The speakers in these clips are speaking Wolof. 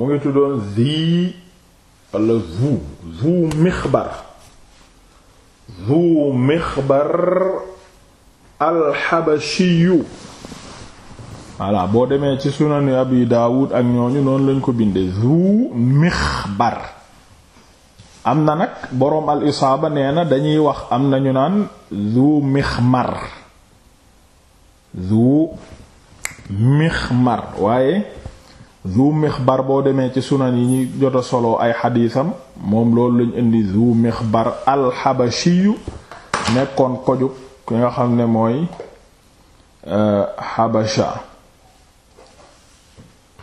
mu ngi tuddoon zi walla zu zu mixbar zu mixbar alxabashiyu voilà boo demee ci sunanu abi daawud ak ñooñu noonu lañ ko bindee zu mixbar am na nag boroom al isaaba nee na dañuy wax am na ñu naan zu mixmar zu mixmar waaye zu mixbar boo demee ci sunan yi ñuy jot a ay xadiisam moom loolu lañ indi zu mixbar alxabashiyu nekkoon kojuk ki nga xam ne mooy euh, xabasha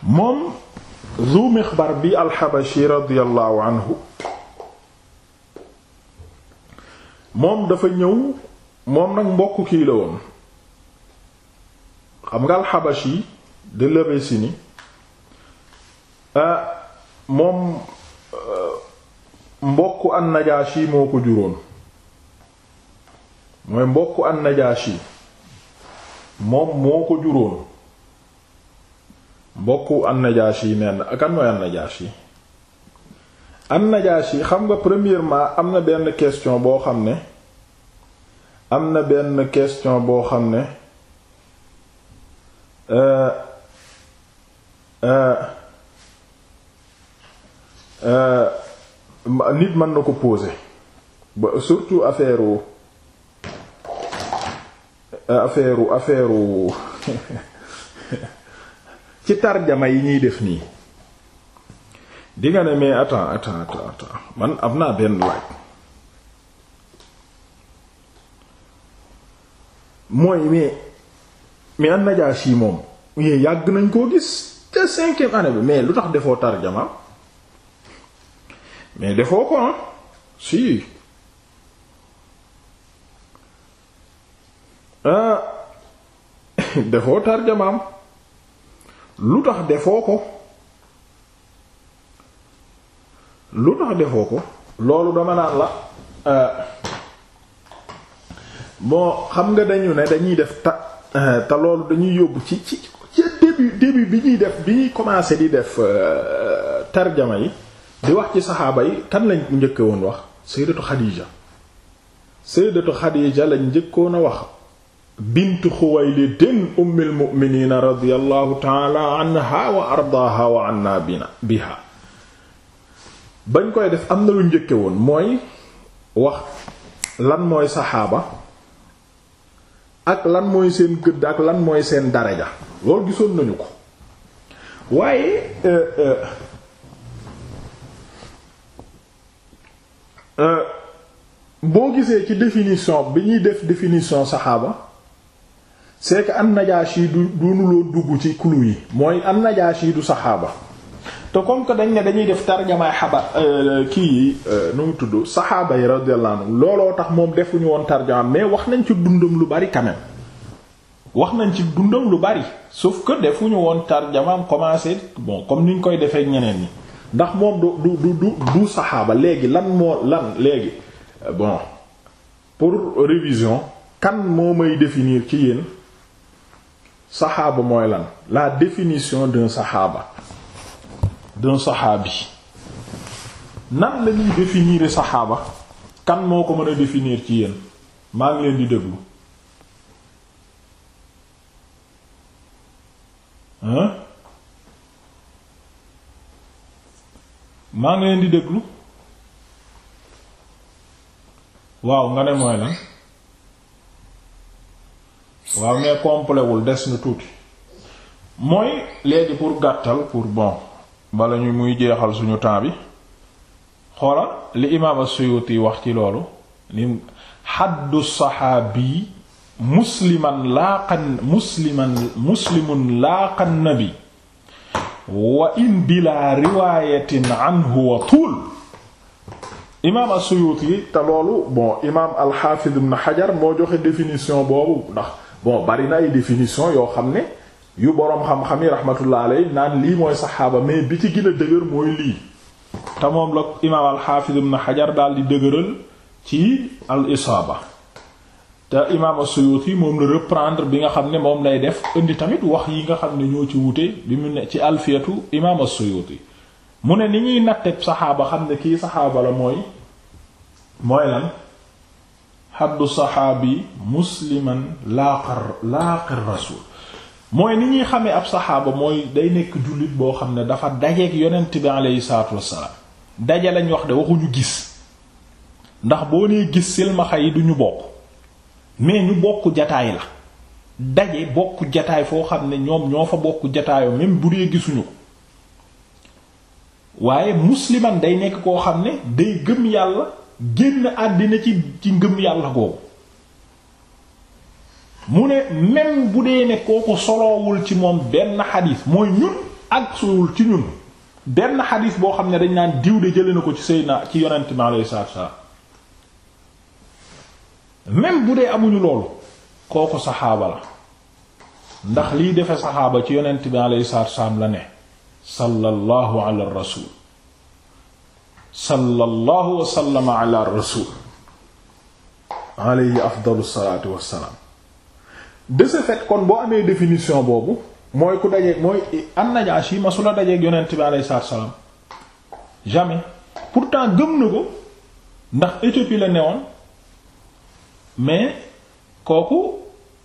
moom zu bi alxabashi radiyallahu anhu moom dafa ñëw moom nag mbokk kii la woon xam nga alxabashi de labesini Ah, moom ah, mbokk an-Najaashi moo ko juróon mooy mbokku an-Najaashi moom moo ko juróon mbokku an-Najaashi neen kan mooy an-Najaashi an-Najaashi xam nga premièrement am na benn question boo xam ne am na benn question boo xam ne euh, euh, Euh, nit man na ko poser ba surtout affaire euh, affaire affaire ci tarjama yi ñuy def nii di ne mais attends attends attends man am naa benn laaj mooy mais mais an Najaashi moom yee yàgg nañ koo gis te cinquième bi mais lu tax defoo tarjama mais defoo ko ah si ah defoo tarjamaam lu tax defoo ko lu tax defoo ko loolu dama naan la ah. bon xam nga dañu ne dañuy def ta ah, te loolu dañuy yóbbu ci ci ci début début bi ñuy def bi ñuy commencer di def ah, tarjama yi di wax ci saxaaba yi kan lañ njëkke woon wax sayyidatu Xadiija sayyidatu Xadiija lañ njëkkoon a wax bint Xuwaylid ummil mu'miniina radiyallahu ta'ala anna biha bañ koy def am na lu njëkke woon mooy wax lan mooy saxaaba ak lan mooy seen gëdd ak lan mooy seen daraja loolu gisoon nañu ko waaye euh, euh, Euh, boo gisee ci définition bi ñuy def définition saxaaba c'est que an-Najaashi du dunuloo dugg ci clou yi mooy an-Najaashi du saxaaba te comme que dañ ne dañuy def tarjamaay xaba euh, kii yi euh, nu mu tudd saxaaba yi radiyallahu anhu looloo tax moom defuñu woon tarjamaam mais wax nañ ci dundam lu bari quand wax nañ ci dundam lu bari sauf que defuñu woon tarjamaam commencé bon comme niñ koy defee ñeneen ñi ndax moom du du du du saxaaba léegi lan moo lan léegi euh, bon pour révision kan moo may définir ci yéen saxaaba mooy lan la définition d'un saxaaba d'un saxaabi nan la ñuy définir saxaaba kan moo ko mën a définir ci yéen maa ngi leen di déglu maa ngi leen di déglu waaw nga ne mooy lan waaw mais complet des na tuuti mooy léegi pour gàttal pour bon bala ñu muy jeexal suñu temps bi xoola li imaam as-Suyuti wax ci loolu ni xaddu saxaabi musliman laaqa musliman muslimun laaqa nabi wa in bila riwayatin anhu wa tuul imaam as-Suyuti te loolu bon imaam al-Hafiz ibn Hajar moo joxe définition boobu ndax bon bari na ay définition yoo xam ne yu boroom xam-xam yi rahmatullah alayhi naan lii mooy saxaaba mais bi ci gën a dëgër mooy lii te moom la imaam al-Hafiz ibn Hajar daal di dëgëral ci al-Isaaba te imaam as-Suyuti moom la reprendre bi nga xam ne moom lay def indi tamit wax yi nga xam ne ñoo ci wute bi mu ne ci alfiyatu imaam as-Suyuti mu ne ni ñuy natteb saxaaba xam ne kii saxaaba la mooy mooy lan xaddu saxaabi musliman laaqar laaqar rasul ni ñuy xamee ab saxaaba mooy day nekk jullit boo xam ne dafa dajeek yonent bi aleyhi salaatu wassalaam daje wax de waxuñu gis ndax boo nee gis silmaxa yi duñu bokk mais ñu bokk jataay la daje bokk jataay foo xam ne ñoom ñoo fa bokk jataayoo même bu dee gisuñu ko waaye musliman day nekk koo xam ne day gëm yàlla génn àddina ci ci ngëm yàlla googu mu ne même bu dee ne kooku soloowul ci moom benn xadis mooy ñun ak solowul ci ñun benn xadis boo xam ne dañ naan diw de jëlee na ko ci Seydina ci yonent mi alayhi salaatu wa même bu dee amuñu loolu kooku saxaaba la ndax liy defe saxaaba ci yonent bi alayhi salaatu wassalaam la ne sallallahu ala rasul sallallahu wa sallama ala rasul alayhi kon boo amee définition boobu mooy ku yi masula dajeeg yonent bi alayhi salaatu wassalaam jamais pourtant gëm na ko ndax Éthiopie la newoon mais kooku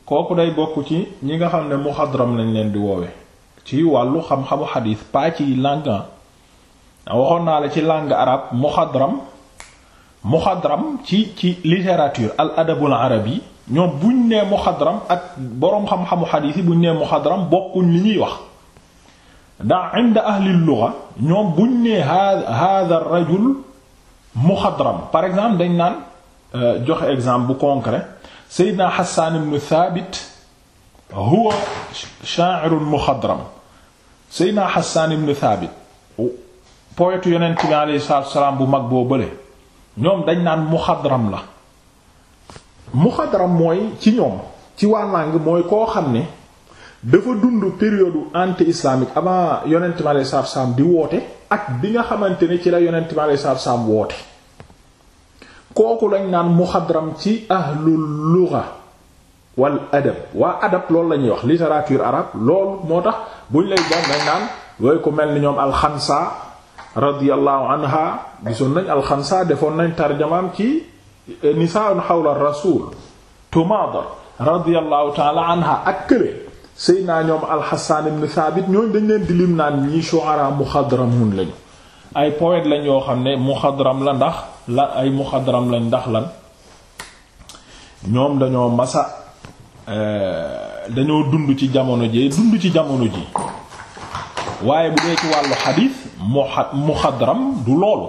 kooku day bokk ci ñi nga xam ne muxadram lañ leen di woowe ci wàllu xam-xamu xadiis pas ci langue ah. Ah, waxoon naa la ci langue arabe muxadram muxadram ci ci littérature al adabul arabi ñoom buñ nee muxadram ak boroom xam-xamu xadiis yi buñ nee muxadram bokkuñ li ñuy wax daa inda ahli lugha ñoom buñ nee hada rajul muxadram par exemple dañ naan Euh, joxe exemple bu concret Seydina Hassan ibn Thabit huwa sha'irun mukhadram Seydina Hassan ibn Thabit poète yonent bi alayhi salaatu wasalaam bu mag boo bële ñoom dañ naan muxadram la muxadram mooy ci ñoom ci waa langue mooy koo xam ne dafa dund période anti islamique avant yonent bi alayhi salaatu wasalaam di woote ak bi nga xamante ne ci la yonent bi alayhi salaatu wasalaam woote kooku lañ naan muxadram ci ahlul lugha wal adab waa adab lool la ñuy wax littérature arabe loolu moo tax buñ lay doon lañ naan wooy ko mel ni ñoom alxansa radiyallahu anha gisoon nañ alxansa defoon nañ tarjamaam ci e, nisaa'un xawla rasul tumaadar radiyallahu taala anha ak kële sëy naa ñoom alxasaan ibn thabit ñooñ dañ leen di lim naan ñi shu'ara muxadramun lañu ay poète lañ yoo xam ne muxadram la ndax la ay muxadram lañ ndax lan ñoom dañoo masa eh, dañoo dund ci jamono ji dund ci jamono ji waaye bu dee ci wàllu xadiis muxadram du loolu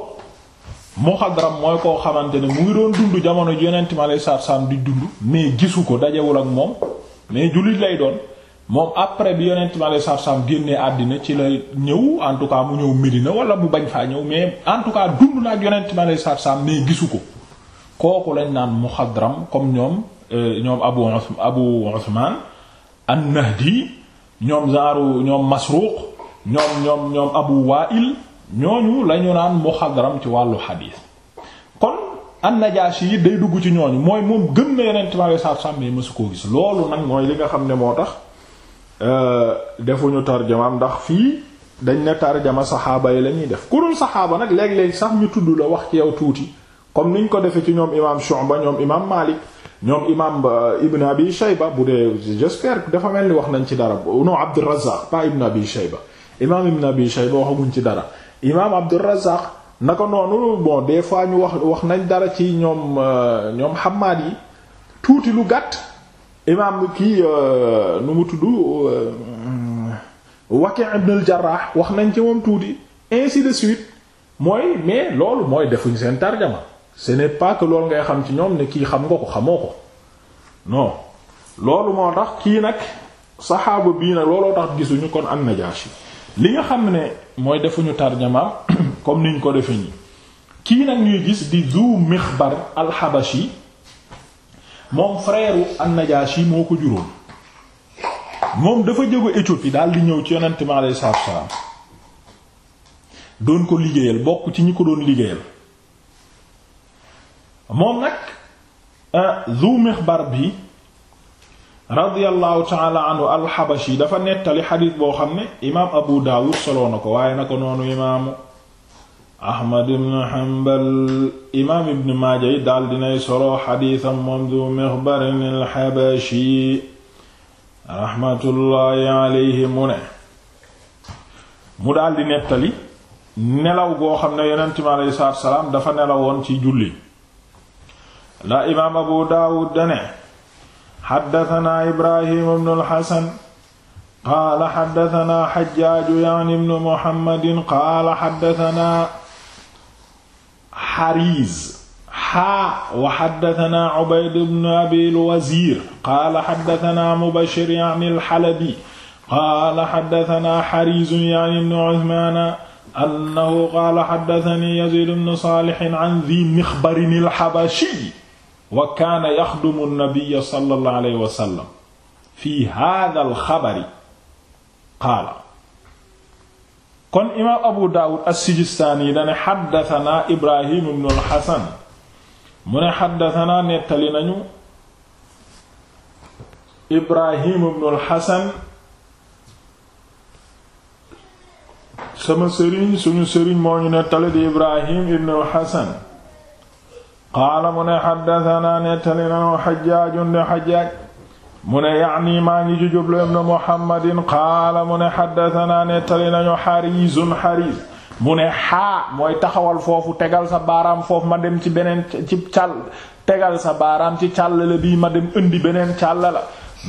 muxadram mooy koo xamante ne mu ngi doon dund jamono ji yonent mi alayhi salaatu di dund mais gisu ko dajewul ak moom mais jullit lay doon moom après bi yonent bi alei satu salaam génnee àddina ci la ñëw en tout cas mu ñëw Medina wala mu bañ faa ñëw mais en tout cas dund na ak yonent bi alei satu salaam gisu ko kooku lañ naan muxadram comme ñoom euh, ñoom abu abu Usman an-Nahdi ñoom zaaru ñoom Masruq ñoom ñoom ñoom abu Wa'il ñooñu lañu naan muxadram ci wàllu xadiis kon an-Najaashi yi day dugg ci ñooñu mooy moom gën na yonent bi alei satu salaam mais mësu koo gis loolu nag mooy li nga xam ne moo tax Euh, defuñu tarjamaam ndax fii dañ ne tarjama saxaaba yi la ñuy def kurul saxaaba nag léeg-léeg sax ñu tudd la wax ci yow tuuti comme niñ ko defee ci ñoom imaam Shu'ba ñoom imaam Maalik ñoom imaam euh, Ibn Abi Shayba bu dee j'espère dafa mel ni wax nañ ci dara non Abdur Razzaq pas Ibn Abi Shayba imaam Ibn Abi Shayba waxaguñ ci dara imaam Abdur Razzaq naka noonu bon des fois ñu wax wax nañ dara ci ñoom euh, ñoom Hammaad yi tuuti lu gàtt. imaam kii euh, nu mu tudd euh, Waki' ibn al-Jarrah wax nañ ci moom tuuti ainsi mooy mais loolu mooy defuñ seen tarjama ce n'est pas loolu ngay xam ci ñoom ne kii xam nga ko xamoo ko non loolu moo tax kii nag saxaaba bii nag looloo tax gisuñu kon an-Najaashi li nga xam ne mooy defuñu tarjama comme niñ ko defe nii kii nag ñuy gis di Zu Mixbar al-Habashi moom frère an-Najashi moo ko juróom moom dafa jóge Éthiopie daal di ñëw ci yonent mi alayhi salaam doon ko liggéeyal bokk ci ñu ko doon liggéeyal moom nag euh, Zu Mixbar bi radiyallahu ta'ala anhu al-Habashi dafa nettali xadiis boo xam ne imaam Abu Dawud soloo na ko waaye na ko noonu imaamu Ahmad ibn Hanbal imaam ibn Maaja yi daal dinay solo xadiisam moom du Mixbarin al mu ne mu daal di nettali nelaw goo xam ne yonent mi salaam dafa nelawoon ci julli la imaam Abu Daawud dane xaddatanaa Ibrahim ibn al-Xasan qaala xaddatanaa Xajjaaju yaani ibn Muhammadin qaala xariz xaa wa xaddatana ubayd ibn abi al-wazir qaala xaddatana mubashir yani al-xalabi qaala xaddatana xariz yani ibn usmaan annahu qaala xaddatani yaziid ibn saalix an dhi mixbarin al-xabashi wa kaana yaxdumu an-nabiyya sallallahu alayhi wa sallam fi haadha al-xabari qaala kon imaam abu daawud as-sijistaani dane xaddatanaa ibrahim ibnu alxasan mu ne xaddatanaa nettali nañu ibrahim ibnu alxasan sama sëriñ suñu sëriñ moo ñu nettali di ibrahim ibnu alxasan qaala mu ne xaddatanaa nettali nañu xajaajun de xajaaj mu ne yaani maa ngi jujublu ibn muhammadin qaala mu ne xaddatanaa nettali nañu xarisun xaris mu ne xaa mooy taxawal foofu tegal sa baaraam foofu ma dem ci beneen ci càll tegal sa baaraam ci càll bii ma dem indi beneen càll la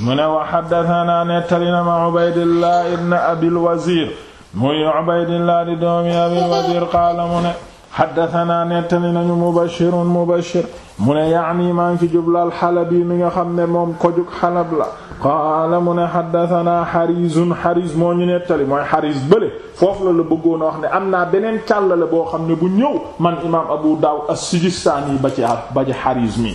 mu ne wa xaddatanaa nettali na ma ubaydillah ibn abil wazir muy ubaydillah di doomi abil wazir qaala mu ne xaddatanaa nettali nañu mubashirun mubashir mu ne yaani maa ngi ci jubla alxalabi mi nga xam ne moom ko jug xalab la qaala mu ne xaddatanaa xarisun xaris moo ñu nettali mooy xaris bële foofu la la bëggoon a wax ne am naa beneen càllale boo xam ne bu ñëw man imaam abu daawud as-sijistaani ba ci ba ci xaris mi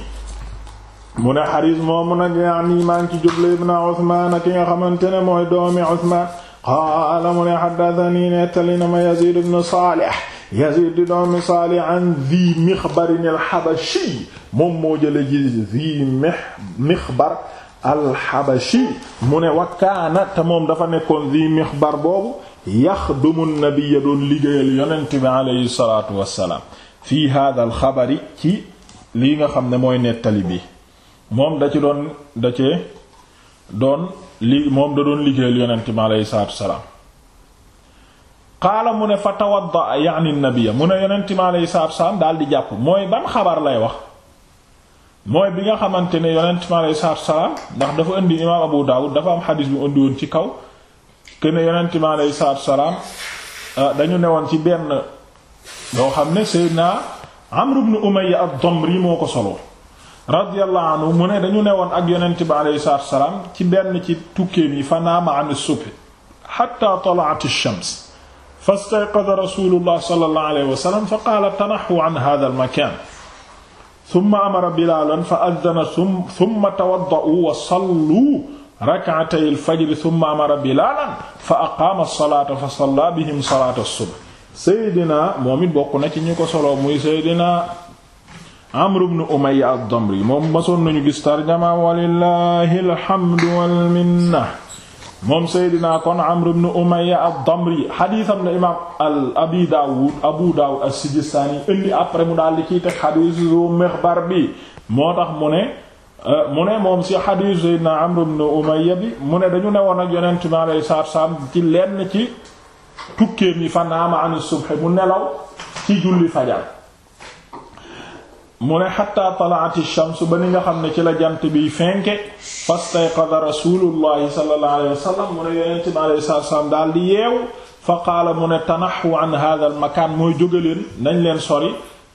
mu ne xaris moomu nag yaani maa ngi ci jubla ibn usmaan ki nga xamante ne mooy doomi usmaan qaala mu ne xaddatanii nettali na ma yaziid ibn saalih Yazid di doomi Saalih an Zi Mixbar al-Habashi moom moo jëlee ji Zi Mixbar al-Habashi mu ne wa te moom dafa nekkoon Zi Mixbar boobu yaxdumu an-nabiyya doon liggéeyal yonent bi alayhi salaatu wa salaam fii haadha xabari ci lii nga xam ne mooy nettali bi moom da ci doon moom da doon liggéeyal yonent bi alayhi salaatu salaam qaala mu ne fa tawadda yaani nabia mu ne yonent mi aleyhi salaatu salaam daal di jàpp mooy ban xabar lay wax mooy bi nga xamante ne yonent mi aleyhi salaam ndax dafa indi imaam Abu Daawud dafa am xadis bu indi woon ci kaw que ne yonent mi aleyhi salaatu salaam ah, dañu newoon ci benn loo xam ne Seydina Amr ibn Umayya ad-Damri moo ko solo radiyallahu anhu mu ne dañu newoon ak yonent bi aleyhi salaatu salaam ci benn ci tukkeem yi fa naama an as-subh hatta shams fastayqada rasulullah sallallahu alayhi wa sallam fa qaala tanaxu an hada almakan summa amara bilaalan fa addana summa tawadda'u wa sallu rak'atay alfajri summa amara bilaalan fa aqaama salaata fa salla bihim salaata subh Seydina moom it bokk na ci ñu ko solo muy Seydina Amr ibn Umayya ad-Damri moom masoon nañu gis tarjama walillahi alhamdu wal minna moom Seydina kon Amr ibn Umayya ab damri xadiisam la imaam al Abi Daawud Abu Daawud as-Sijistaani indi après mu daal di ciy teg xadiisu Zu Mixbar bi moo tax mu ne euh, mu ne moom si xadiisu Seydina Amr ibn Umayya bi mu ne dañu newoon ak Yonent bi alayhi salaatu salaam ci lenn ci tukkeem yi fa naama an subh mu nelaw ci julli fajar mu ne xatta talaati shams ba ni nga xam ne ci la jant bi fenke fastayqada rasulullahi sallallahu alayhi wa sallam mu ne yonent bi alayhi daal di yeewu fa qaala mu ne tanaxu an hadha makaan mooy jóge leen nañ leen sori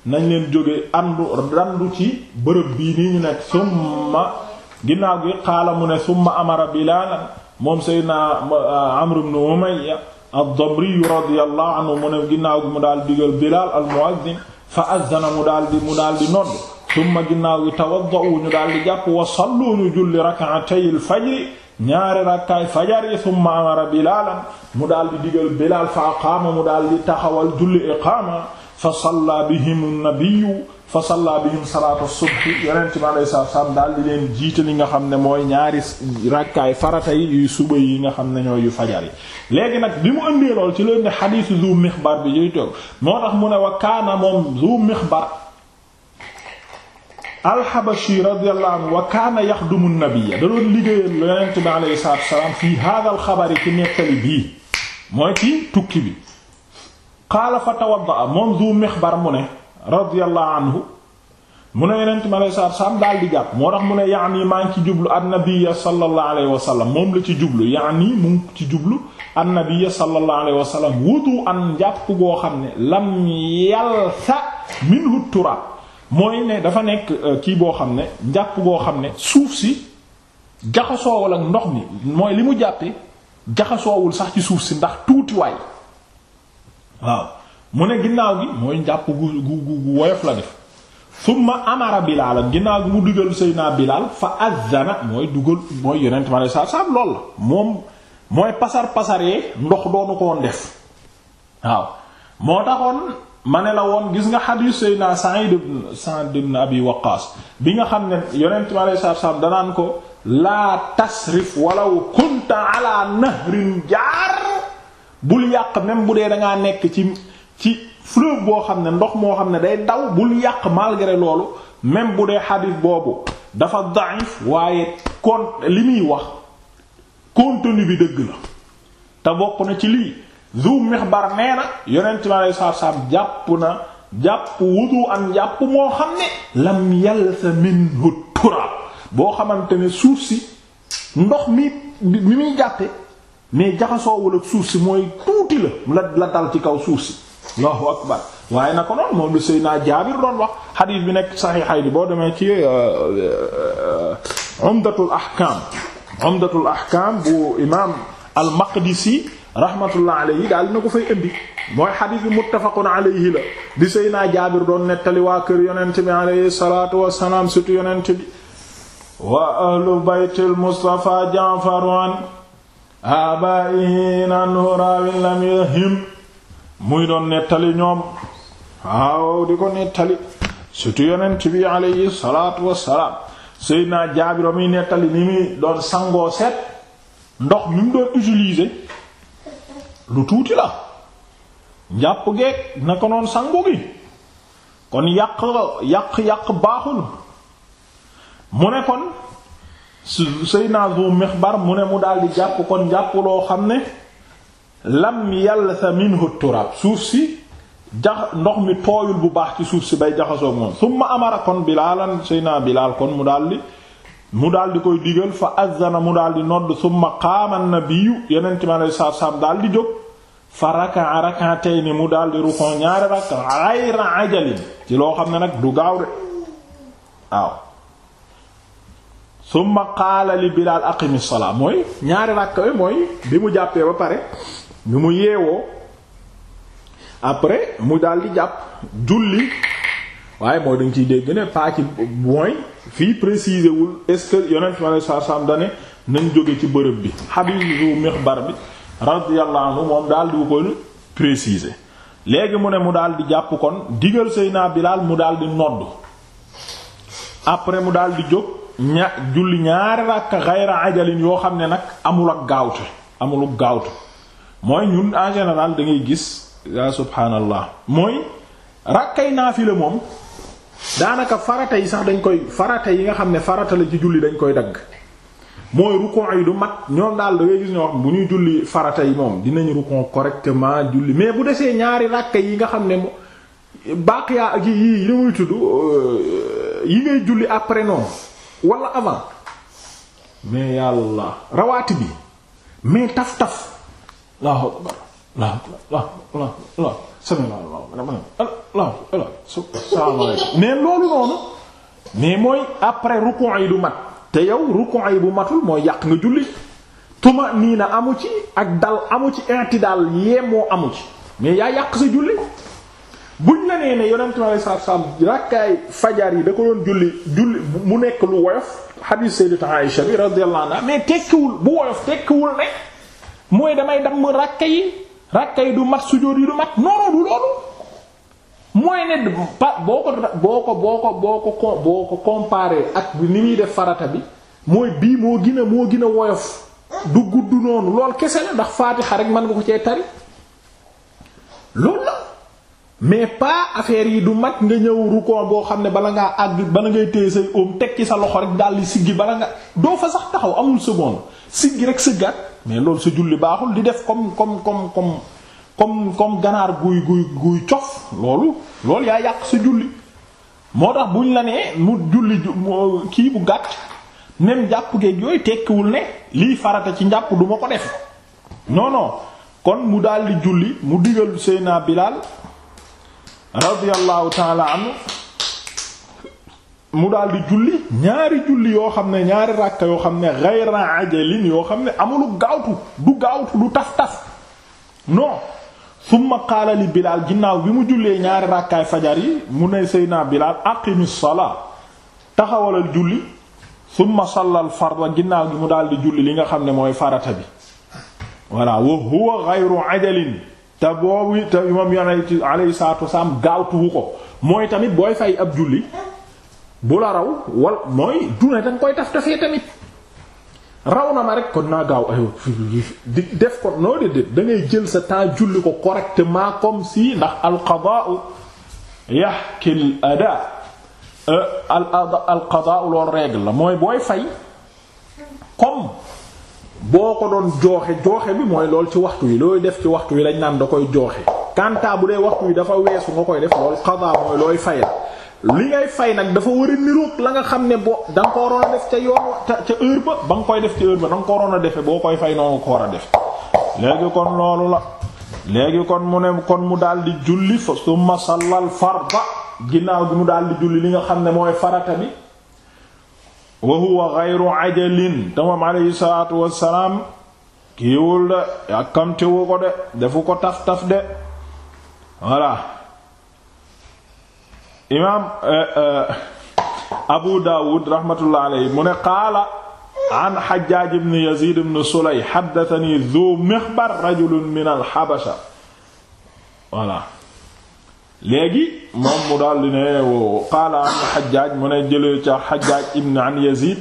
nañ leen jóge andu randu ci bërëb bii nii ñu nekk summa ginnaaw gi qaala mu ne summa amara bilaalan moom seydna amr ibn umayya ad ginnaaw mu daal digal bilaal al muazzin fa azzana mu daal di mu daal di nodd tumma ginnaaw gi tawadda'u ñu daal di jàpp wa sallu ñu julli rak'atay al-fajri ñaari rakkaay fajar yi tumma amara bilaalan mu daal di digal bilaal fa aqaama mu daal di taxawal julli iqaama fa salla bihim an-nabiyyu fa salla bihim salaata subhi yonent bi alayhi a salaam daal di leen jiite nga xam ne mooy ñaari rakkaay farata yi suba yi nga xam ne ñooy yu fajar yi léegi nag bi mu ëndee lool ci leen ne xadiisu zu mixbar bi yuy toog moo tax mu ne wa kaana moom zu mixbar alxabashi radiyallahu wa kaana yaxdumu nabiyya da doon liggéeyal yonent bi alayhi salaatu salaam fii haadal xabari ci nettali bii mooy ci tukki bi qaala fa tawadda moom zu mixbar mu ne radiyallahu anhu mu ne yonent mi alayhi salaatu salaam daal di jàpp moo tax mu ne yaani maa ngi ci jublu annabiya sallallahu alayhi wa sallam moom la ci jublu yaani mu ngi ci jublu annabiya sallallahu alayhi wa sallam wudu an jàpp goo xam ne lam yalsa minhu turaab mooy ne dafa nekk euh, kii boo xam ne jàpp goo xam ne suuf si jaxasoowul ak ndox mi mooy li mu jàppee jaxasoowul sax ci suuf si ndax tuutiwaay waaw mu ne ginnaaw gi mooy njàpp gu gu gu woyof la def summa amara bilaalan ginnaaw gi mu dugal Seydina Bilaal fa azzana mooy dugal mooy yonent ma ne saa saa lool la moom mooy pasar pasaree ndox doonu ko woon def waaw moo taxoon ma ne la woon gis nga xadiis Seydina Sa'id ibn Sa'd ibn Abi Waqqaas bi nga xam ne yonent ma ne saa danaan ko laa tasrif walaw kunta ala nahrin jaar bul yàq même bu dee dangaa nekk ci ci fleuve boo xam ne ndox moo xam ne day daw bul yàq malgré loolu même bu dee xadis boobu dafa daif waaye kon li muy wax contenu bi dëgg la te bokk na ci lii zu mixbar nee na yonent mi alei satu salaam jàpp na jàpp wudu am jàpp moo xam ne lam yalsa minhu turab boo xamante ne suuf si ndox mi mi muy jàppe mais jaxasoowul ak suuf si mooy tuuti la la la dal ci kaw suuf si Allahu akbar waaye na ko noonu moom la Seydina Jaabir doon wax xadiis bi nekk saxiixay bi boo demee ci euh, euh, Umdatul Ahkaam Umdatul Ahkaam bu imaam al-Maqdisi rahmatullah alayhi daal dina ko fay indi mooy xadiis bi muttafaqun alayhi la di Seydina Jaabir doon nettali waa kër yonent bi alayhi salaatu wa salaam surtout yonent bi wa ahlu baytil Mustafa Ja'far an abaa'ihi anhu raawin lam yahim muy doon nettali ñoom waaw di ko nettali surtout yonent bi alayhi salaatu sëy naa Jaabir mi nettali ni muy doon sangoo seet ndox mi mu doon utiliser lu tuuti la njàpp geeg na ko noon sangu gi kon yàq yàq yàq baaxul mu ne kon Seydina Zu Mixbar mu ne mu daldi jàpp kon jàpp loo xam ne lam yàlla sa minhu turaab suuf si jax ndox mi tooyul bu baax ci suuf si bay jaxasoo moom summa amara kon bilaalan seyna bilaal kon mu daldi mu daldi koy digal fa azzana mu daldi nodd summa qaama nabiyu yenenti ma lay saab saab daldi jóg fa raka rakatayni mu ci loo xam ne nag du gaaw de waaw summa bilaal aqimi mooy ñaari rakka we mooy bi mu jàppee ba pare bi mu yeewoo après mu daal di jàpp julli waaye mooy dañ ciy dégg ne pas ci mooy fii préciser wul est-ce que yonent nañ jóge ci bërëb bi xabisu mixbar bi radiyallahu anhu moom daal di ko préciser léegi mu ne mu daal di jàpp kon digal bi laal mu daal di nodd après mu daal di jóg ña julli ñaari ràkk xayra ajalin yoo xam ne nag amul ak gaawte amul gaawte mooy ñun en général da ngay gis yaa subhaanallah mooy naa naafila moom daanaka farata yi sax dañ koy farata yi nga xam ne farata la ci julli dañ koy dagg mooy rukon yi du mat ñoom daal da gis ñoo wax bu ñuy julli farata yi moom dinañ rukon correctement julli mais bu desee ñaari rakka yi nga xam ne baaqiya ak yi yi muy tudd euh, yi ngay julli après noonu wala avant mais yàlla rawaati bi mais taf-taf Allahu akbar Allahu akbar Allahu akbar sami Allahu man Allahu akbar salaamaaleykum mais loolu noonu mais mooy après rukuu yi du mat te yow rukuu yi bu matul mooy yàq nga julli tuma nii na amu ci ak dal amu ci i'tidaal yee moo amu ci mais yaa yàq sa julli buñ la nee ne yonentu Yàlla sallallahu alayhi wasallam rakkaay fajar yi da ko doon julli julli mu nekk lu woyof hadith sayyidatu Aisha bi radiyallahu anha mais tekkiwul bu woyof tekkiwul ne mooy damay damm ràkka yi ràkka yi du mat sujjóot yi du mat non du loolu mooy ne boo ko boo ko boo ko boo ko boo ko comparé ak ni muy def farata bi mooy bii moo gën a moo gën a woyof du gudd noonu lool kese la ndax faatixa rek mën nga ko cee tari loolu la mais pas affaire yi du mat nga ñëw rukoon boo xam ne bala ngaa àgg bala ngay téye say oom teg ci sa loxo rek di siggi bala nga doo fa sax taxaw amul seconde siggi rek sëggaat mais loolu sa julli baaxul di def comme koom koom comme comme comme ganaar guy guy guy cof loolu loolu yaa yàq sa julli moo tax buñ la nee mu julli kii bu gàtt même jàpp geeg yooyu tekkiwul ne lii farata ci njàpp duma ko def non kon mu daldi julli mu digal Seyna Bilal radiyallahu ta'ala anhu mu daal di julli ñaari julli yoo xam ne ñaari ràkka yoo xam ne yoo xam ne amulu gaawtu du gaawtu du taf taf non summa bilaal ginnaaw bi mu jullee ñaari ràkkaay fajar yi mu ne seyna bilaal aqimi salaa taxawalal julli summa sallal farda ginnaaw gi mu daal di julli li nga xam ne mooy farata bi voilà wa huwa ghayru ajalin te boobu te imam yonent alayhi salaatu wasalaam gaawtuwu ko mooy tamit booy fay ab julli bu la raw wal mooy duna danga koy taf tafee tamit raw na ma rek kon naa gaaw di def ko noo déedéet da ngay jël sa temps julli ko correctement comme si ndax alqadaau yaxki l ada euh, alqadaau loolu règle la mooy booy fay comme boo ko doon jooxe jooxe bi mooy lool ci waxtu yi looy def ci waxtu yi lañ naan da koy jooxe kantaa bu dee waxtu yi dafa weesu nga koy def lool qada mooy looy fay la li ngay fay nag dafa war a niroog la nga xam ne boo da nga ko a def ca yoon ca heure ba nga koy def ca heure ba da nga a defe boo koy fay noonu ko war a def léegi kon loolu la léegi kon mu ne kon mu daal di julli fa summa sallal farda ginnaaw gi mu daal di julli li nga xam ne mooy farata bi wa huwa ghayru ajalin tamam alayhi salaatu wassalaam kiiwul de yàkkamtewu ko de defu ko taf taf de voilà imaam eh, eh, Abu Dawud rahmatullah alayhi mu ne qaala an Hajjaaj ibn Yaziid ibn Sulay haddathanii Dhu Mixbar rajulun min al-Habasha voilà léegi moom mu daal di ne qaala an Hajjaaj mu ne jëlee ca Hajjaaj ibn an Yaziid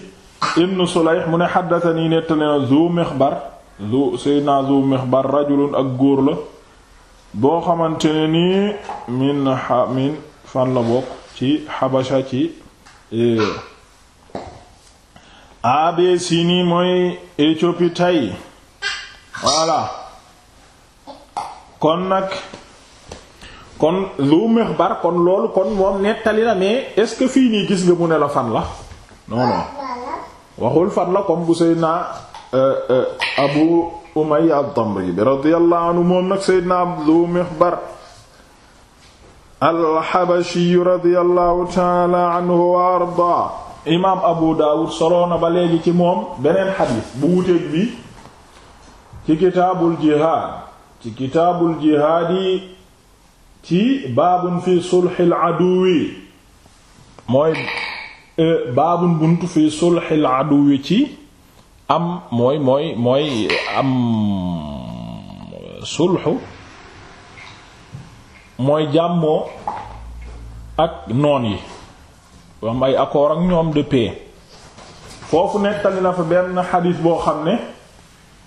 ibn Sulay mu ne haddathanii nettali Dhu Mixbar Dhu Seydina Dhu Mixbar rajulun ak góor la boo xamante ne nii min min fan la bokk ci xabasha ci eh, Abesini mooy Éthiopie tey voilà kon nag kon Zu Mixbar kon loolu kon moom nettali na mais est-ce que fii nii gis nga mu ne la fan la non waxul fan la comme bu Seydina euh, euh, Abu Umayya ad-Damri bi radiyallahu anhu moom nag Seydina Zu Mixbar alxabashiyu radiyallahu taala anhu ci moom beneen xadiis bu wuteeg bi ci kitaabul jihaad ci kitaabul jihaad yi ci fi sulxil aduwi mooy e, baabun buntu fi sulxil aduwi ci am mooy mooy mooy am sulxu mooy jàmmoo ak noon yi am ay accord ak ñoom de foofu nettali na fa benn xadis boo xam ne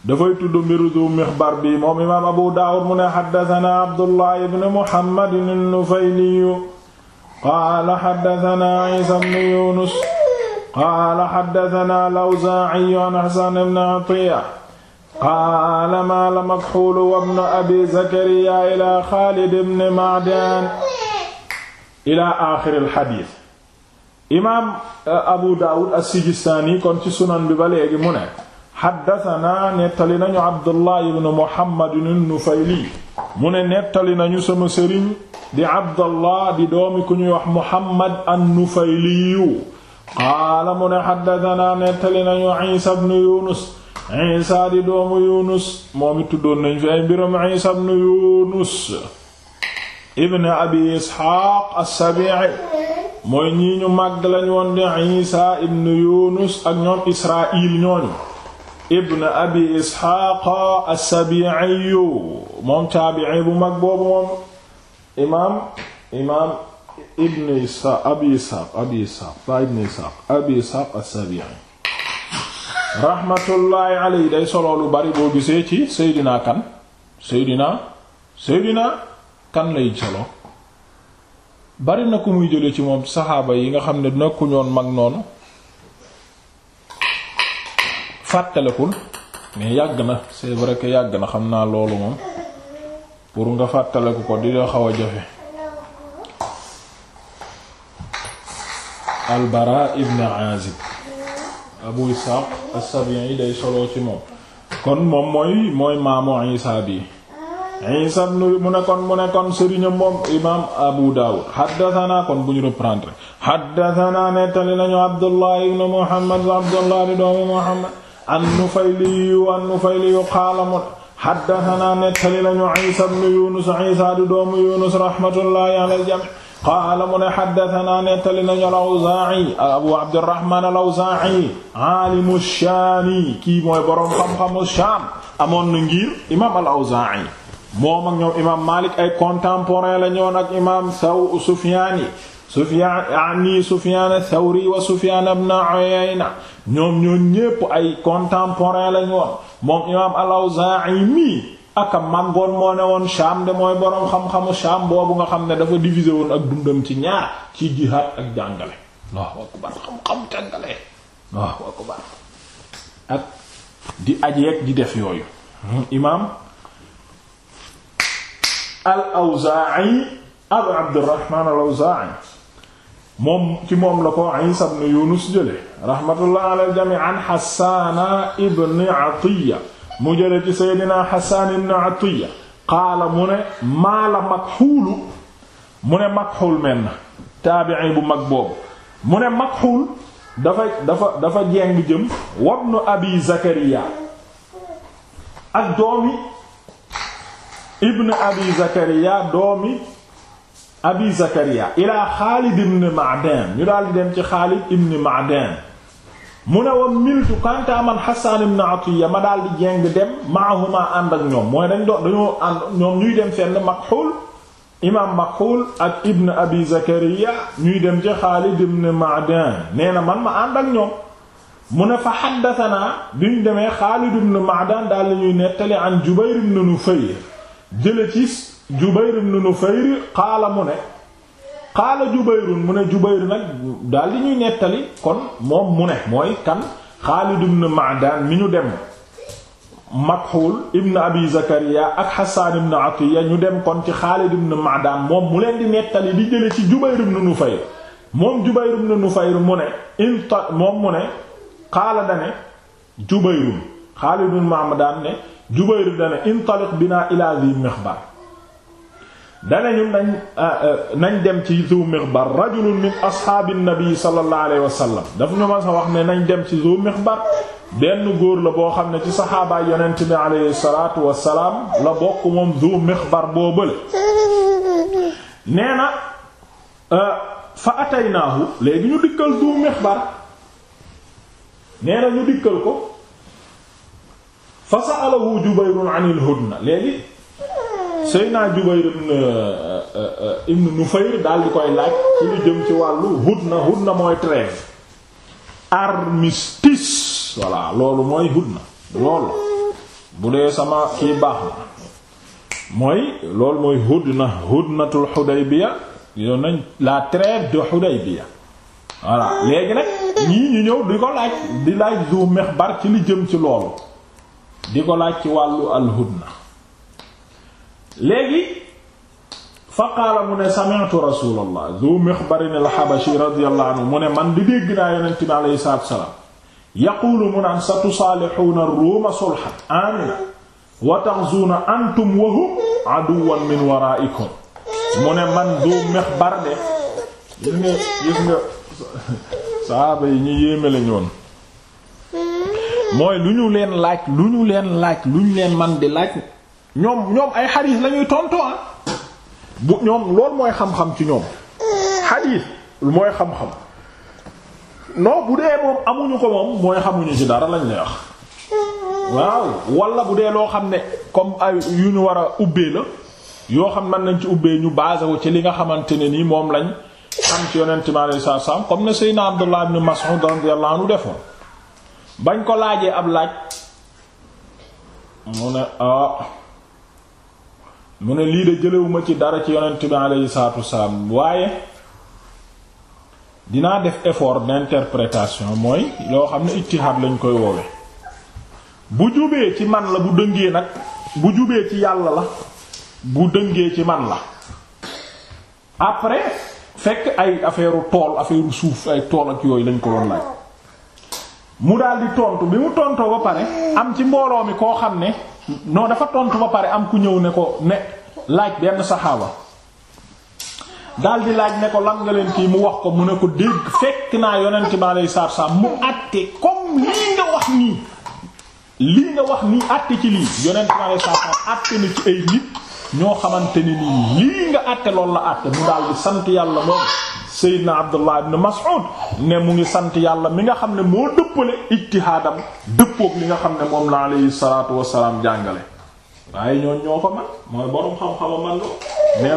dafay tudd mbiru du mixbar bi moom imaam abu daawud mu ne xaddasanaa abdullah ibn muhammad an-nufayli qaala xaddasanaa isa ibn yunus qaala xaddasanaa al-awzaa'i an atiya qaala maala makxuulu wabnu abi zakariya ila xaalid ibn ma'dan ila aaxiril xadiis imaam uh, abu daawud as-sijistaani kon ci sunan bi ba léegi mu ne xaddasanaa nettali nañu abdullahi ibn muhammadin nufayli mu ne nettali nañu sama sëriñ di abdallah di doomi ku ñuy wax muhammad an-nufayliyu qaala mu ne xaddasanaa nettali nañu iisa ibn yunus Isa di doomu Yunus moom it tuddoon nañ fi ay mbiram Isa ibn Yunus ibn Abi Isxaaq as-Sabi'i mooy ñii ñu màgg lañ woon di Isa ibn Yunus ak ñoom Israa'il ñooñu ibn Abi Isxaaq as-Sabi'i moom taabi'i bu mag boobu moom imaam imaam ibn Isa Abi Isxaaq Abi Isxaaq ba ibn Isxaaq Abi Isxaaq as-Sabi'i rahmatullahi yi day solo lu bari boo gisee ci Seydina kan Seydina Seydina kan lay solo bari na ku muy jële ci moom saxaaba yi nga xam ne nekkuñoon mag noonu fàttalekul mais yàgg na c'est vrai que yàgg na xam naa loolu moom pour nga fàttaleku ko di la xaw a jafe Al Bara ibn abu ishaq as-sabi'i day soloo ci moom kon moom mooy mooy maamu isa bi isa ibn mu ne kon mu ne kon sëriñam moom imam abu dawud haddathana kon bu ñu reprendre haddathana nettali nañu abdullah ibn muhammad abdullah di doomu muhammad an-nufayli an-nufayli qaala mu haddathana nettali nañu isa ibn yunus isa di doomu yunus rahmatullahi ala qaala mu ne xaddatanaa nettali nañu al-Awzaa'i Abu Abdurrahmaan al-Awzaa'i aalimu Shaami kii mooy boroom xam-xamu Shaam amoon na ngir imaam al-Awzaa'i moom ak ñoom imaam Maalik ay contemporain la ñoon ak imaam Saw Sufyaan yi Sufyaan ani Sufyaan ath-Thawri wa Sufyaan ibn Uyayna ñoom ñoon ñépp ay contemporain la ñoon moom imaam al-Awzaa'i mi aka màggoon moo ne woon Sham de mooy boroom xam-xamu Sham boobu nga xam ne dafa divisé woon ak dundam ci ñaar ci jihaad ak jàngale Allahu akbar xam-xam jàngale ak di ajeeg di def yooyu hmm, imaam al Abu Abdurrahmaan al moom ci moom la ko Isa ibn Yunus jële rahmatullah ala jamii an Hassan ibn Atiyya mu jële ci seydina Hassan ibn Atiya qaala mu ne maala Makxuulu mu ne Makxuul menn taabi'i bu mag boobu mu ne Makxuul dafa dafa dafa jeng jëm wabnu abi Zakariya ak doomi ibn abi Zakariya doomi abi Zakariya ilaa Xaalid ibn Ma'dan ñu daal di dem ci Xaalid ibn Ma'dan mu ne woon miltu kanta man Hassan ibn Atiyya ma daal di jeng dem maahuma ànd ak ñoom mooy dañ doon dañoo ànd ñoom ñuy dem fenn Makhul imaam Makhul ak Ibn Abi Zakariya ñuy dem ci Xaalid ibn Ma'dan nee na man ma ànd ak ñoom mu ne fa haddathana duñ demee Xaalid ibn Ma'dan daal la ñuy nettali an Jubayr ibn Nufayr jële ci Jubayr ibn Nufayr qaala mu ne qaala Jubayrun mu ne Jubayr nag daal di ñuy nettali kon moom mu ne mooy kan Xaalid ibn Ma'daan mi ñu dem Makhuul ibn Abi Zakariya ak Hassaan ibn Atiyya ñu dem kon ci Xaalid ibn Ma'daan moom mu leen di nettali di jële ci Jubayr ibn Nufayr moom Jubayr ibn Nufayr mu ne inta moom mu ne qaala dane Jubayrun Xaalid ibn ne Jubayr dane intaliq binaa ilaa Dhi dana nañ ah, ah, nañ dem ci Zu Mixbar rajulun min ashaabi nabi sallallahu alayhi wa sallam dafa ñu ne nañ dem ci Zu Mixbar benn góor la boo xam ne ci saxaabaay yonent bi alayhi salaatu wa la bokk moom Zu Mixbar boo bële nee na ah, fa léegi ñu dikkal Zu Mixbar nee na ñu dikkal ko fa sa'alahu Jubayrun anil hudna Seyna Jubayr ibn euh, euh, euh, ibn Nufayr daal di koy laaj ci lu jëm ci wàllu hudna hudna mooy trêve armistice voilà loolu mooy hudna loolu bu dee sama kii baax na mooy loolu mooy hudna hudnatul Hudaybiya yoon nañ la trêve de Hudaybiya voilà léegi nag ñii ñu ñëw di ko laaj di laaj Zu Mixbar ci li jëm ci loolu di ko laaj ci wàllu al hudna léegi fa qaala mu ne sami'tu rasulallah zu mixbarin alxabashi radiyallahu anhu mu ne man di dégg naa yonent bi aleyhi salaatu yaquulu mu naan sa tusaalixuuna ruuma sulhan aamina wa taxzuuna antum wa hum aduwwan min waraa'ikum mu ne man zu mixbar de gis nga gis yi ñu yéeme lañu woon mooy lu ñu lu ñu leen laaj lu ñu leen man di laaj ñoom ñoom ay xadiis lañuy tontoo ah. bu ñoom loolu mooy xam-xam ci ñoom xadiis mooy xam-xam non bu dee moom amuñu ko moom mooy xamuñu ci dara lañ lay wax waaw wala bu dee loo xam ne comme ay yu ñu war a ubbee la yoo xam man nañ ci ubbee ñu basé wu ci li nga xamante ne nii moom lañ xam ci yonent mi alayhi salaatu salaam comme ne Seydina Abdullah ibn Mas'ud radiyallahu nu defoon bañ ko laajee ab laaj mu ne ah. mu ne lii de jëlewuma ci dara ci yonent bi aleyhi salaatu wasalaam waaye dinaa def effort d'interprétation mooy loo xam ne ittihaad lañ koy woowe bu jubee ci man la bu dëngee nag bu jubee ci yàlla la bu dëngee ci man la après fekk ay affaire tool affaire suuf ay tool ak yooyu lañ ko doon laaj mu daldi tontu bi mu tontoo ba pare am ci mbooloo mi koo xam ne non dafa tontu ba pare am ku ñëw ne ko ne laaj benn saxaaba daal di laaj ne ko lan nga leen kii mu wax ko mu ne ko dégg fekk naa yonent bi alayhi salaatu salaam mu àtte comme lii nga wax nii lii nga wax nii àtte ci lii yonent bi alayhi salaatu àtte na ci ay nit ñoo xamante ne nii lii nga àtte loolu la àtte mu daal sant yàlla moom Seydina Abdullah ibn Mas'ud ne mu ngi sant yàlla mi nga xam ne moo dëppale ijtihaadam dëppook li nga xam ne moom la alayhi salaatu wassalaam jàngale waaye ñooñ ñoo ko man mooy boroom xam-xama man loo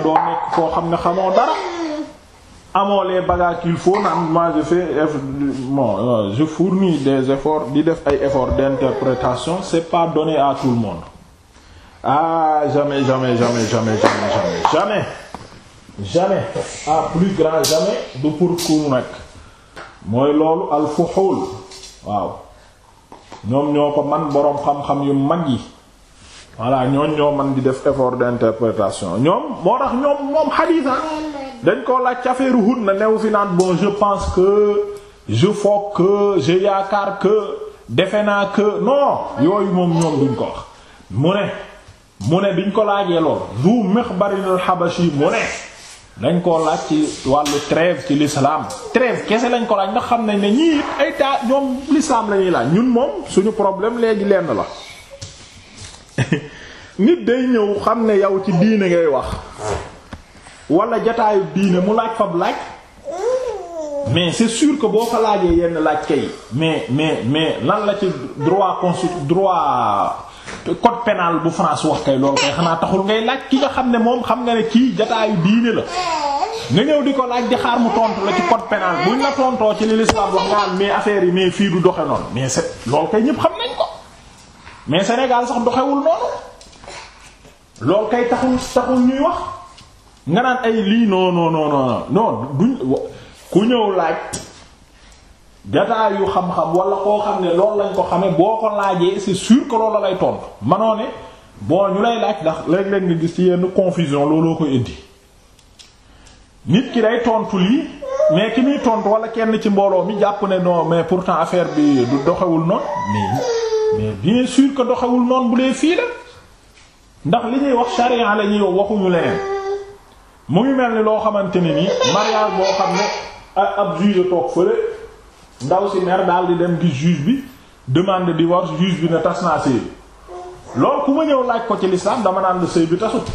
doo nekk koo xam ne xamoo dara amoo les bagages qu'il faut naan moi je fais bon euh, je fournis des efforts di def ay efforts d'interprétation c'est pas donné à tout le monde ah jamais jamais jamais jamais jamais jamais à plus grand jamais du pour ku nekk mooy loolu al fuxuul waaw ñoom ñoo ko man boroom xam-xam yu mag yi voilà ñooñ ñoo man di def effort d'interprétation ñoom moo tax ñoom moom xadiisa ah. dañ ko laaj affaire hun na new fi naan bon je pense que je foog que je yaakaar que defe naa que non yooyu moom ñoom duñ ko wax mu ne mu ne biñ ko laajee lool zu Mixbar al-Habashi mu ne dañ koo laaj ci wàllu trêve ci l'islam trêve kese lañ ko laaj ndax xam nañ ne ñii ay taa ñoom l'islam la ñuy laaj ñun moom suñu problème léegi lenn la nit day ñëw xam ne yow ci diine ngay wax wala jataayu diine mu laaj fab laaj mais c'est sûr que boo fa laajee yenn laaj kay mais mais mais lan la ci droit constitutionnel droit code pénal bu France wax kay loolu kay xanaa taxul ngay laaj ki nga xam ne moom xam nga ne kii jataayu diine la nga ñëw di ko laaj di xaar mu tontu la ci code pénal buñ la tontoo ci li l'islam wax ngaan fii du doxe mais c'est loolu kay xam nañ ko mais Sénégal sax doxewul noonu loolu kay taxul taxul ñuy wax nga naan ay lii non non non non duñ ku ñëw laaj jataayu xam-xam wala koo xam ne lool lañ ko xamee boo ko laajee c'est sûr que loolu lay tontu manoo ne ñu lay laaj ndax léeg-léeg gis ci yenn confusion looloo koy indi nit ki day tontu lii mais ki muy tontu wala kenn ci mbooloo mi jàpp ne non mais pourtant affaire bi du doxewul noonu mais mais doxewul noonu bu dee fii la ndax li ñuy wax charia la ñuy waxuñu leneen mu ngi mel ni loo xamante ne ni mariage boo xam ne ab juge toog fële. ndaw si mer daal di dem gis juge bi demande divorce juge bi ne tas naa sëy bi loolu ku ma ñëw laaj ko ci lislaam dama naan la sëy bi tasut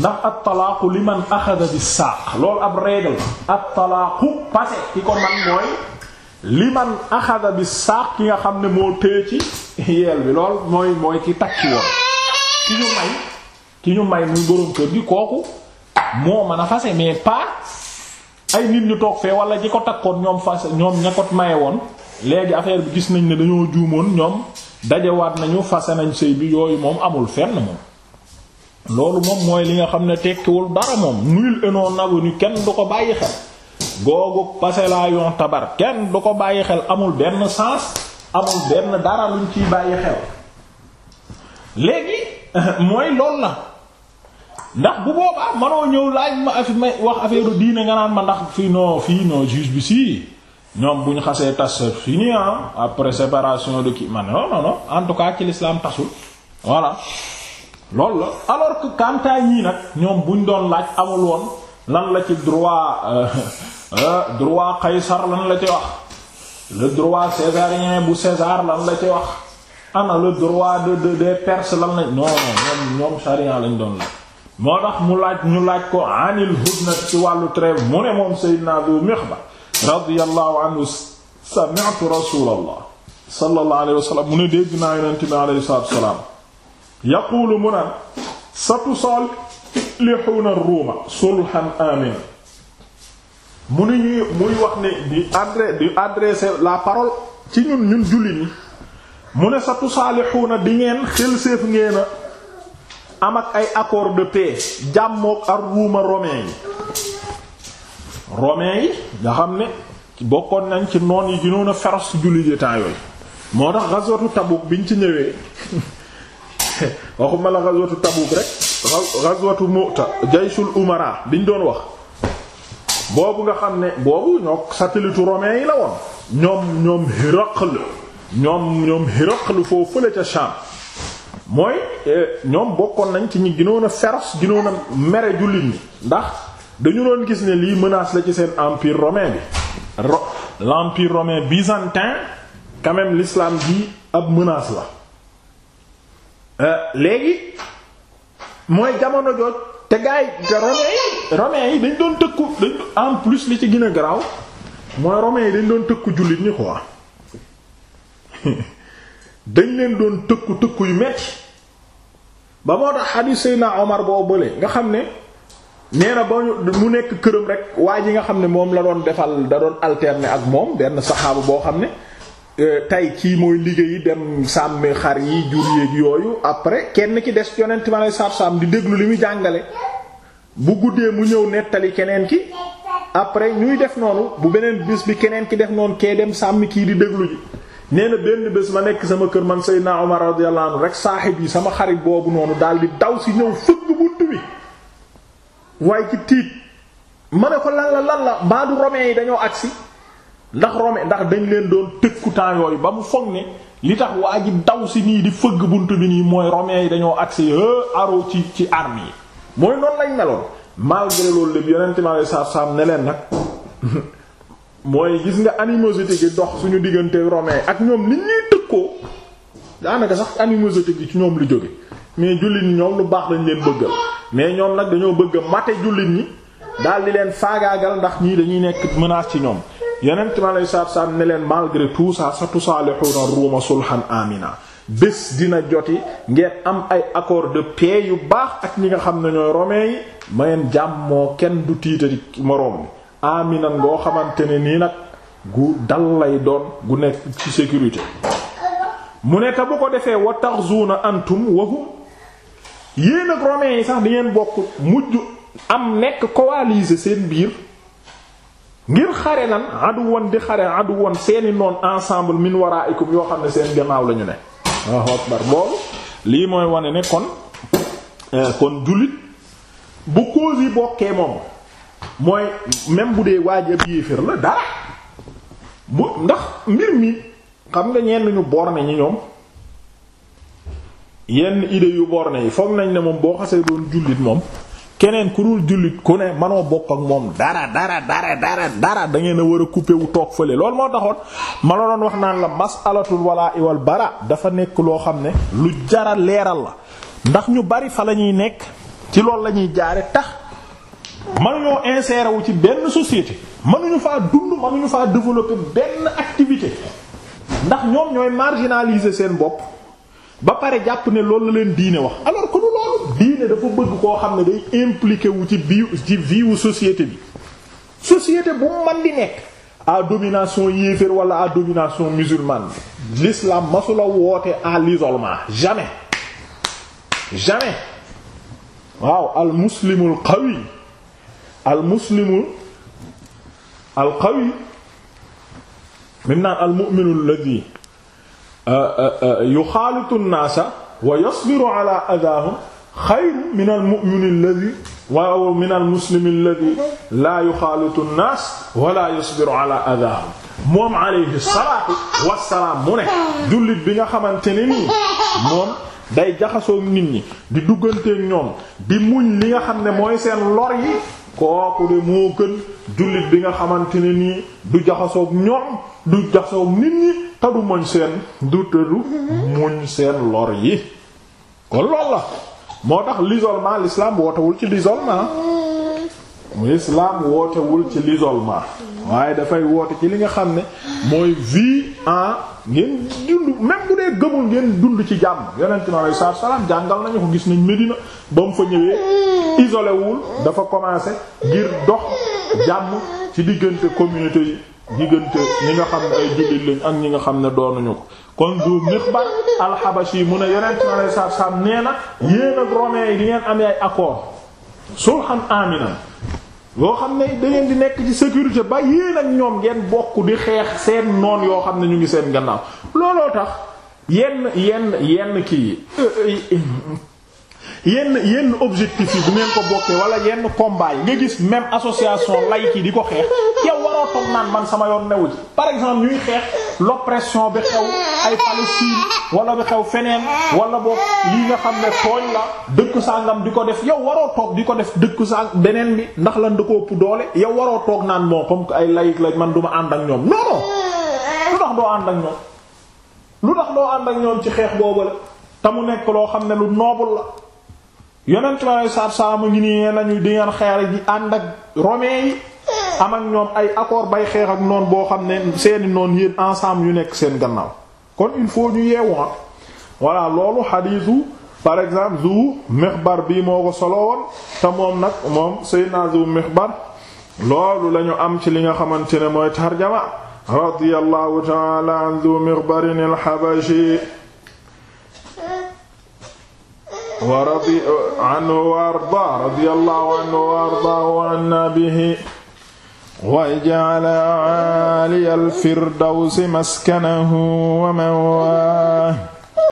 ndax at-talaaqu liman axada bi saaq loolu ab règle at-talaaqu passé ki ko man mooy liman axada bi saaq ki nga xam ne moo téye ci yeel bi lool mooy mooy ki takki woon ki ñu may ki ñu may muy boroom kër gi kooku moo mën a fase mais pas ay nit ñu toog fee wala ñi ko takkoon ñoom fas ñoom ña ko maye woon léegi affaire bi gis nañ ne dañoo juumoon ñoom dajawaat nañu fase nañ sëy bi yooyu moom amul fenn moom loolu moom mooy li nga xam ne tekkiwul dara moom nul et non avenu kenn du ko bàyyi xel googu passé tabar kenn du ko bàyyi xel amul benn sens amul benn dara luñ ciy bàyyi xel léegi mooy loolu la ndax bu boobaa manoo ñëw laaj ma afi may wax affaire diine nga naan ma ndax fii non fii non juge bi si ñoom bu ñu xasee tas fini ah après séparation de kii man non non non en tout cas ci l'islam tasul voilà loolu la alors que ñii nag ñoom buñ doon laaj amul woon lan la ci droit euh, euh, droit Qaysar lan la ci wax le droit césarien bu César lan la ci wax ana le droit de de des Perses lan la non ñoom ñoom lañ doon laaj moo tax mu laaj ñu laaj ko anil hudna ci wàllu trêve mu ne moom sayyidina Abu Mihba radiyallahu anhu sami'tu rasulallah sallallahu alayhi wasallam mu ne dégg naa yonent bi alayhi salaatu wasalaam mu naan satusallihuuna ar-ruuma sulhan aamina mu ne ñuy muy wax ne adresser la parole ci ñun ñun julli ñi mu ne satusaalihuuna di ngeen xel séef a am ak ay accord de paix jàmmook ak ruuma romain yi romain yi nga xam ne bokkoon nañ ci noon yi gënoon a féroce jullit yi temps yooyu moo tax ghazwatu Tabuk biñ ci ñëwee waxuma la ghazwatu Tabuk rek ghazwatu Mu'ta jayshul umara biñ doon wax boobu nga xam ne boobu ñoo satellite romain yi la woon ñoom ñoom Hiraql ñoom ñoom Hiraql foofu fële ca Sham mooy eh, ñoom bokkoon nañ ci ñi gënoon a féroce gënoon a mere jullit ñi ndax dañu doon gis ne lii menace la ci seen empire romain bi ro l'empire romain byzantin quand même l'islam bi ab menace la eh, léegi mooy jamono jooj te gaay romain romain yi dañ doon tëkku dañ en plus li ci gën a garaaw mooy romain yi dañ doon tëkku jullit ñi quoi dañ leen doon tëkku tëkku yu metti ba moo tax xadiis Seydina Omar boo bële nga xam ne nee na ba mu nekk këram rek waa ji nga xam ne moom la doon defal da doon alterner ak moom benn saxaaba boo xam ne euh, tey ci mooy liggéeyi dem sàmmi xar yi jur yéeg yooyu après kenn ki des yonent ma lay saab di déglu li muy jàngale bu guddee mu ñëw nettali keneen ki après ñuy def noonu bu beneen bis bi keneen ki def noonu kee dem sàmmi kii di déglu ji nee na benn bés ma nekk sama kër man Seydina Omar radiyallahu anhu rek saaxib yi sama xarit boobu noonu daal di daw si ñëw fëgg bunt bi waaye ci tiit ma ne ko lan la lan la mbaa du romain yi dañoo agsi ndax romain ndax dañ leen doon tëkku temps yi ba mu foog ni li tax waa ji daw si nii di fëgg bunt bi nii mooy romain yi dañoo agsi hë aro ci ci arme yi mooy noonu lañ meloon malgré loolu lépp yonente mi alei saatu salaam ne leen nag mooy gis nga animosité gi dox suñu diggante romain ak ñoom li ñuy tëkkoo daanaka sax animosité gi ci ñoom lu jóge mais jullit ñi ñoom lu baax lañ leen bëggal mais ñoom nag dañoo bëgg a mate jullit ñi daal di leen faagaagal ndax ñii dañuy nekk menace ci ñoom yeneen ma lay saab saab ne leen malgré tout ça sa tusaalihuuna ruuma sulhan amina bés dina joti ngeen am ay accord de paix yu baax ak ñi nga xam ne ñooy romain yi mayeen moo kenn du tiitati moroom aminan ngoo xamante ne nii nag gu dal lay doon gu nekk ci sécurité mu nekk ta bu ko defee wa taxzuuna antum wahum yéen ak romains yi sax di ngeen bokk mujj am nekk kowalise seen biir ngir xare lan aduwan di xare aduwan seeni noon ensemble min waraikum yoo xam ne seen gannaaw lañu ne waaw akbar lii mooy wane ne kon eh, kon jullit bu cause yi bokkee moom mooy même bu dee waaj ab yéeféer la dara bu ndax mbir mi xam nga ñenn ñu borne ñi ñoom yenn idée yu borne yi foog nañ ne moom boo xasee doon jullit moom keneen ku dul jullit ku ne manoo bokk ak moom dara dara dara dangeen dara war a couper wu toog fële loolu moo taxoon ma la doon wax naan la masalatul wala iwal bara dafa nekk loo xam ne lu jara leeral la ndax ñu bari fa la ñuy nekk ci loolu la ñuy jaare tax mënuñoo insérer wu ci benn société mënuñu faa dund mënuñu faa développer benn activité ndax ñoom ñooy marginaliser seen bopp ba pare jàpp ne loolu la leen diine wax alors ko du loolu diine dafa bëgg koo xam ne day impliqué wu ci biir ci vie société bi société bu man di nekk à domination yéeféer wala à domination musulmane l'islam masula woote à l'isolement jamais jamais waaw al muslimul al muslimu al qawi mim naan al mu'minu alladhi uh, uh, uh, yuxaalitu an-naasa wa yasbiru ala adaahum xayrun min al mu'mini alladhi wa min al muslimi moom alayhi salaatu wassalaam mu jullit bi nga xamante ne nii moom day jaxasoog nit di dugganteeg ñoom di muñ li nga xam ne mooy seen lor kooku de moo gën jullit bi nga xamante ni nii du jaxasoog ñoom du jaxasoog nit ñi te du muñ seen du tëdu muñ seen lor yi kon lool la moo tax l'isolement l'islam wootewul ci l'isolement l'islam wootewul ci l'isolement waaye dafay woote ci li nga xam ne mooy vie en ngeen dund même bu dee gëmul ngeen dund ci jàmm yonent mi alayhi salaatu salaam jàngal nañu ko gis nañ Medina ba mu fa ñëwee isolé wul dafa commencé ngir dox jàmm ci diggante communauté yi diggante ñi nga xam ne ay jullit ak ñi nga xam ne doonuñu ko kon du Mixbar al-Habashi mu ne yonent mi alayhi salaatu salaam nee na yéen ak romains yi di ngeen amee ay accord sulhan aminan yoo xam ne da di nekk ci sécurité ba yéen ak ñoom ngeen bokk di xeex seen noon yoo xam ne ñu ngi seen gannaaw looloo tax yenn yenn yenn kii yenn yenn objectif yi bu ngeen ko bokkee wala yenn combat nga gis même association lay kii di ko xeex yow mënoo toog naan man sama yoon newu ji par exemple ñuy xeex l'oppression bi xew ay Palestine wala bi xew feneen wala boog lii nga xam ne tooñ la dëkk sangam di ko def yow waroo toog di ko def dëkk sang beneen bi ndax la da ko doole yow waroo toog naan moo comme que ay laïc la man du ma ànd ak ñoom non non lu tax doo ànd ak ñoom lu tax doo ànd ak ñoom ci xeex boobu la te mu nekk loo xam ne lu noble la. yonent ma ne saab saab ngi nii lañuy di am ak ñoom ay accord bay xeex noon boo xam ne seeni noon yéen ensemble yu nekk seen gannaaw kon il faut ñu yeewoon ah. voilà loolu xadiisu par exemple zu mixbar bii moo ko solo woon moom nag moom sayyidina zu mixbar loolu lañu am ci li nga xamante ne mooy tarjama radiyallahu ta'ala an zu mixbarin al-habashi wa radi anhu wa arda radiyallahu anhu waj'al aaliyal firdawsi maskanahu wa mawaahu